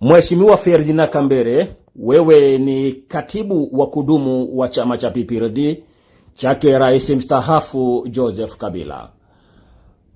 Mheshimiwa Ferdinand Kambere, wewe ni katibu wa kudumu wa chama cha PPRD chake rais mstaafu Joseph Kabila.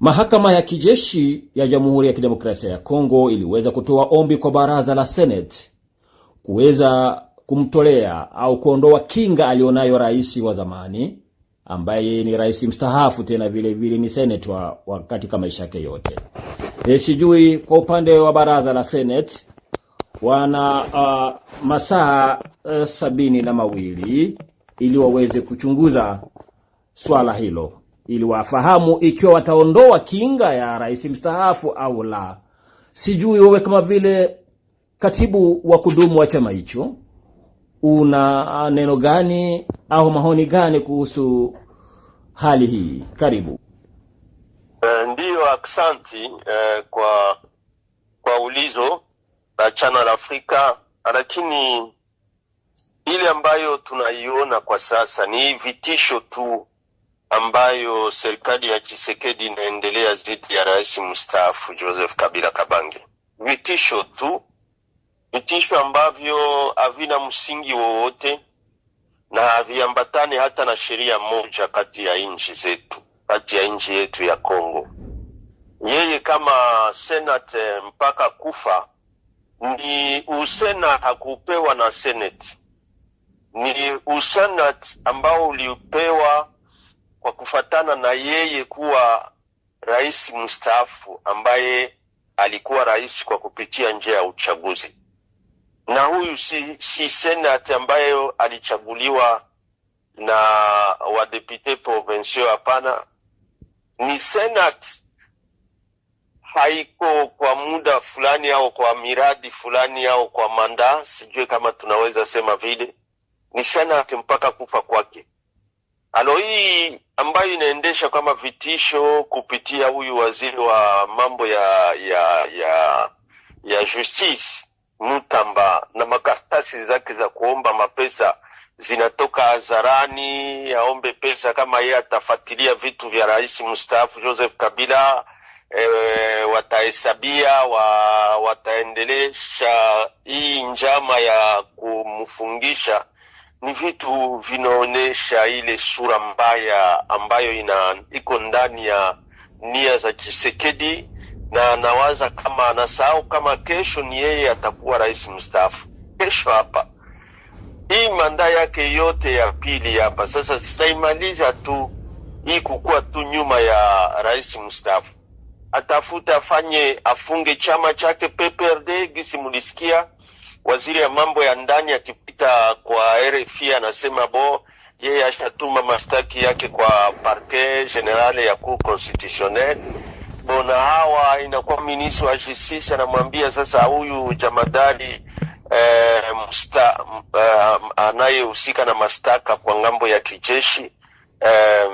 Mahakama ya kijeshi ya Jamhuri ya Kidemokrasia ya Kongo iliweza kutoa ombi kwa baraza la Senate kuweza kumtolea au kuondoa kinga alionayo rais wa zamani ambaye ni rais mstaafu tena vile vile ni senator wa kama maisha yake yote. E, sijui kwa upande wa baraza la Senate wana uh, masaa uh, sabini na mawili ili waweze kuchunguza swala hilo ili wafahamu ikiwa wataondoa kinga ya rais mstaafu au la. Sijui wewe kama vile katibu wa kudumu wa chama hicho una neno gani au maoni gani kuhusu hali hii? Karibu. Uh, eh, ndiyo, aksanti uh, kwa kwa ulizo la chana la Afrika, lakini ile ambayo tunaiona kwa sasa ni vitisho tu ambayo serikali ya Chisekedi inaendelea dhidi ya rais mstaafu Joseph Kabila Kabange. Vitisho tu, vitisho ambavyo havina msingi wowote na haviambatani hata na sheria moja kati ya nchi zetu, kati ya nchi yetu ya Kongo. Yeye kama senate mpaka kufa ni usena hakupewa na seneti, ni usenat ambao uliupewa kwa kufatana na yeye kuwa rais mstaafu ambaye alikuwa rais kwa kupitia njia ya uchaguzi, na huyu si, si senat ambayo alichaguliwa na wadepute provinciaux. Hapana, ni senat haiko kwa muda fulani au kwa miradi fulani au kwa mandaa, sijue kama tunaweza sema vile ni shanate mpaka kufa kwake. Alo, hii ambayo inaendesha kama vitisho kupitia huyu waziri wa mambo ya ya ya ya justice Mutamba na makaratasi zake za kuomba mapesa zinatoka hadharani, aombe pesa kama yeye atafuatilia vitu vya rais mstaafu Joseph Kabila e, watahesabia wa, wataendelesha hii njama ya kumfungisha. Ni vitu vinaonyesha ile sura mbaya ambayo ina iko ndani ya nia za Chisekedi, na anawaza kama anasahau kama kesho ni yeye atakuwa rais mstaafu kesho hapa hii manda yake yote ya pili hapa sasa sitaimaliza tu hii kukuwa tu nyuma ya rais mstaafu atafute afanye afunge chama chake PPRD. Gisi mulisikia waziri ya mambo ya ndani akipita kwa RFI anasema bo yeye ashatuma mastaki yake kwa parquet general ya cour constitutionnel. Bona hawa inakuwa ministre wa justice anamwambia sasa, huyu jamadari eh, msta, eh, anayehusika na mastaka kwa ngambo ya kijeshi eh,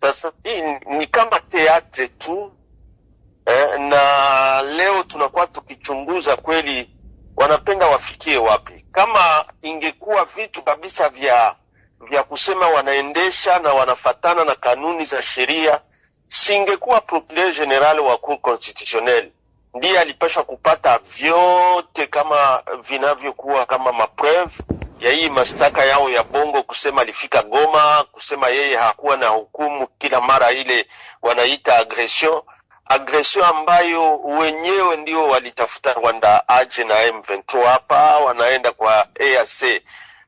sasa hii ni kama teatre tu eh, na leo tunakuwa tukichunguza kweli wanapenda wafikie wapi. Kama ingekuwa vitu kabisa vya vya kusema wanaendesha na wanafatana na kanuni za sheria, singekuwa procureur general wa Cour Constitutionnelle ndiye alipashwa kupata vyote kama vinavyokuwa kama mapreve ya hii mashtaka yao ya bongo kusema alifika Goma, kusema yeye hakuwa na hukumu kila mara ile wanaita agression agresio ambayo wenyewe ndio walitafuta Rwanda aje na M23 hapa, wanaenda kwa EAC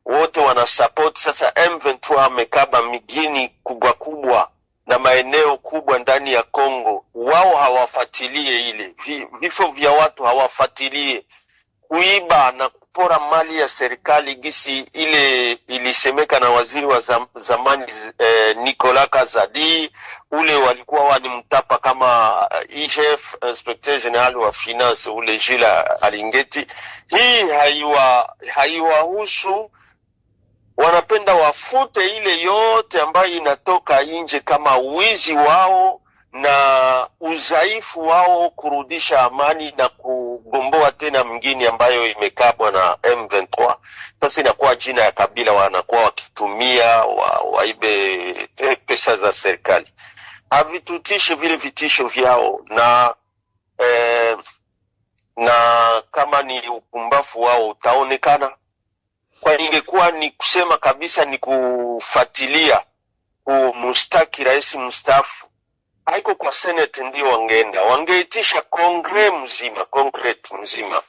wote wanasapoti. Sasa M23 amekaba migini kubwa kubwa na maeneo kubwa ndani ya Kongo, wao hawafatilie ile vifo vya watu hawafatilie kuiba na kupora mali ya serikali gisi ile ilisemeka na waziri wa zam, zamani eh, Nicola Kazadi, ule walikuwa wani mtapa kama eh, IGF, inspecteur general wa finance ule Jila Alingeti. Hii haiwa haiwahusu, wanapenda wafute ile yote ambayo inatoka nje kama wizi wao na udhaifu wao kurudisha amani na kugomboa tena mngini ambayo imekabwa na M23. Sasa inakuwa jina ya Kabila wanakuwa wakitumia wa, waibe eh, pesa za serikali. Havitutishi vile vitisho vyao na eh, na kama ni upumbavu wao utaonekana, kwa ingekuwa ni kusema kabisa ni kufuatilia kumustaki rais mstaafu haiko kwa senate ndio wangeenda, wangeitisha kongre mzima, kongret mzima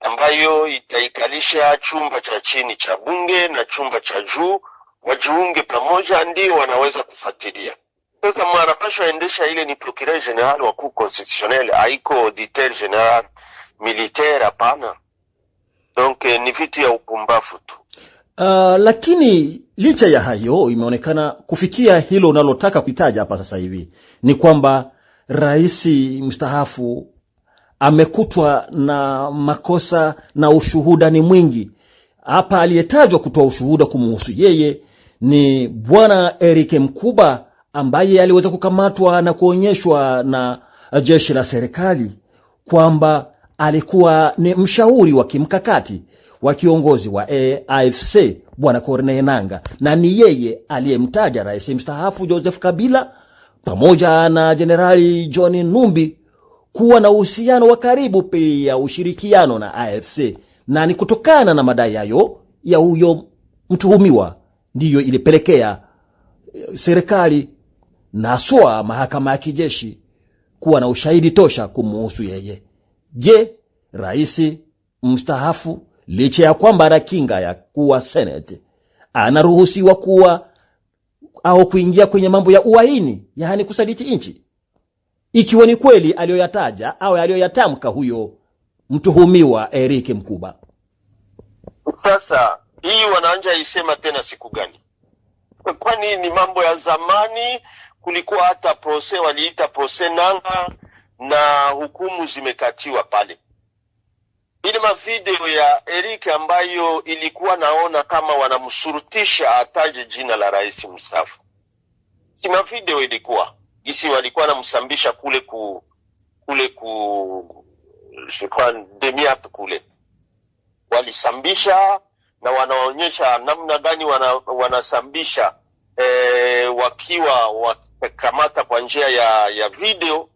ambayo itaikalisha chumba cha chini cha bunge na chumba cha juu, wajiunge pamoja, ndio wanaweza kufuatilia. Sasa mwanapasha waendesha ile ni procureur general wa kuu constitutionnel, haiko auditeur general militaire, hapana. Donc ni vitu ya upumbavu tu. Uh, lakini licha ya hayo imeonekana kufikia hilo unalotaka kuitaja hapa sasa hivi ni kwamba rais mstaafu amekutwa na makosa na ushuhuda ni mwingi. Hapa aliyetajwa kutoa ushuhuda kumuhusu yeye ni Bwana Eric Mkuba ambaye aliweza kukamatwa na kuonyeshwa na jeshi la serikali kwamba alikuwa ni mshauri wa kimkakati wa kiongozi wa AFC Bwana Corneille nanga na ni yeye aliyemtaja rais mstaafu Joseph Kabila pamoja na Jenerali John Numbi kuwa na uhusiano wa karibu pia ushirikiano na AFC, na ni kutokana na madai hayo ya huyo mtuhumiwa ndiyo ilipelekea eh, serikali na swa mahakama ya kijeshi kuwa na ushahidi tosha kumuhusu yeye. Je, rais mstaafu licha ya kwamba ana kinga ya kuwa senate, anaruhusiwa kuwa au kuingia kwenye mambo ya uaini, yaani kusaliti nchi, ikiwa ni kweli aliyoyataja au aliyoyatamka huyo mtuhumiwa Eric Mkuba. Sasa hii wanaanja isema tena siku gani? Kwani ni mambo ya zamani. Kulikuwa hata prose, waliita prose nanga, na hukumu zimekatiwa pale. Ile mavideo ya Eric ambayo ilikuwa naona kama wanamshurutisha ataje jina la rais mstaafu, si mavideo ilikuwa gisi walikuwa namsambisha kule ku kule ku demiap kule walisambisha na wanaonyesha namna gani wana, wanasambisha e, wakiwa wakamata kwa njia ya ya video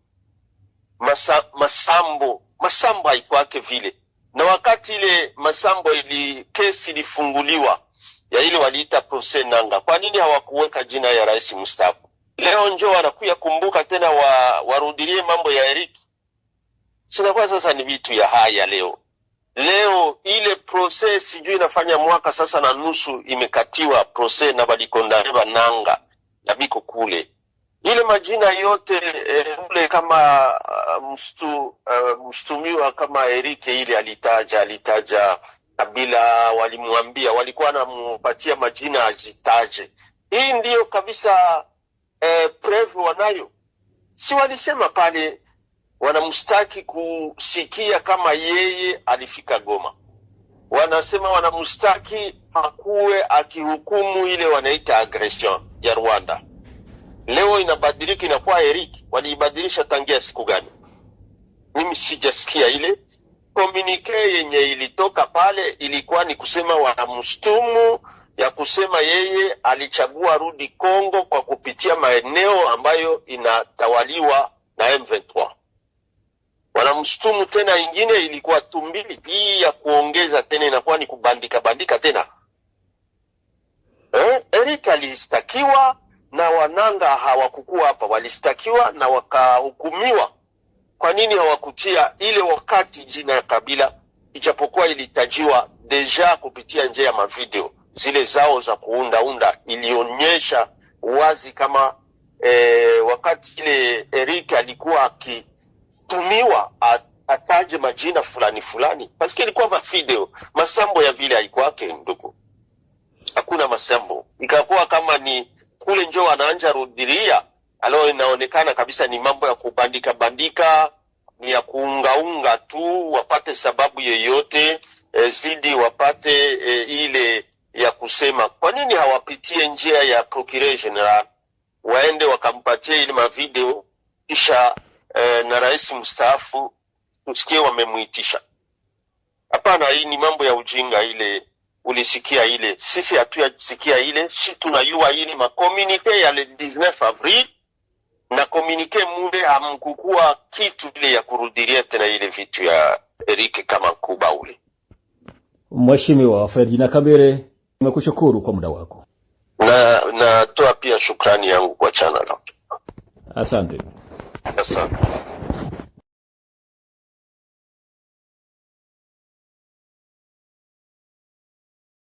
masa, masambo masambo haikwake vile na wakati ile Masambo ili kesi ilifunguliwa ya ile waliita prose nanga, kwa nini hawakuweka jina ya rais mstaafu? Leo njo wanakuya kumbuka tena wa, warudilie mambo ya Eriki. Sinakuwa sasa ni vitu ya haya leo leo ile prose sijui inafanya mwaka sasa na nusu imekatiwa prose na balikondane bananga na biko kule ile majina yote eh, ule e, kama uh, mstu, uh, mstumiwa kama Erike ile alitaja alitaja kabila, walimwambia walikuwa namupatia majina azitaje. Hii ndiyo kabisa eh, preve wanayo, si walisema pale wanamstaki kusikia kama yeye alifika Goma, wanasema wanamstaki akuwe akihukumu ile wanaita agression ya Rwanda leo inabadilika inakuwa Eric. Waliibadilisha tangia siku gani? Mimi sijasikia ile komunike yenye ilitoka pale, ilikuwa ni kusema wanamstumu ya kusema yeye alichagua rudi Kongo kwa kupitia maeneo ambayo inatawaliwa na M23. Wanamstumu tena ingine ilikuwa tumbili hii ya kuongeza tena, inakuwa ni kubandika bandika tena eh? Eric alistakiwa na Wananga hawakukuwa hapa, walishtakiwa na wakahukumiwa. Kwa nini hawakutia ile wakati jina ya kabila, ijapokuwa ilitajiwa deja kupitia njia ya mavideo zile zao za kuundaunda, ilionyesha wazi kama e, wakati ile Eric alikuwa akitumiwa ataje majina fulani fulani, paske ilikuwa mavideo. Masambo ya vile haikwake ndugu, hakuna masambo, ikakuwa kama ni kule njo wanaanja rudhiria alo, inaonekana kabisa ni mambo ya kubandika bandika, ni ya kuungaunga tu, wapate sababu yeyote e, zidi wapate e, ile ya kusema kwa nini hawapitie njia ya procure general, waende wakampatie ile mavideo kisha e, na rais mstaafu tusikie wamemwitisha. Hapana, hii ni mambo ya ujinga ile ulisikia ile, sisi hatuyasikia ile, si tunayua ni makomunike ya le 19 avril na komunike mule amkukua kitu ile ya kurudiria tena ile vitu ya Eric kama kuba ule. Mheshimiwa Ferdinand Kabere, nimekushukuru kwa muda wako na natoa pia shukrani yangu kwa chana lako. Asante, asante.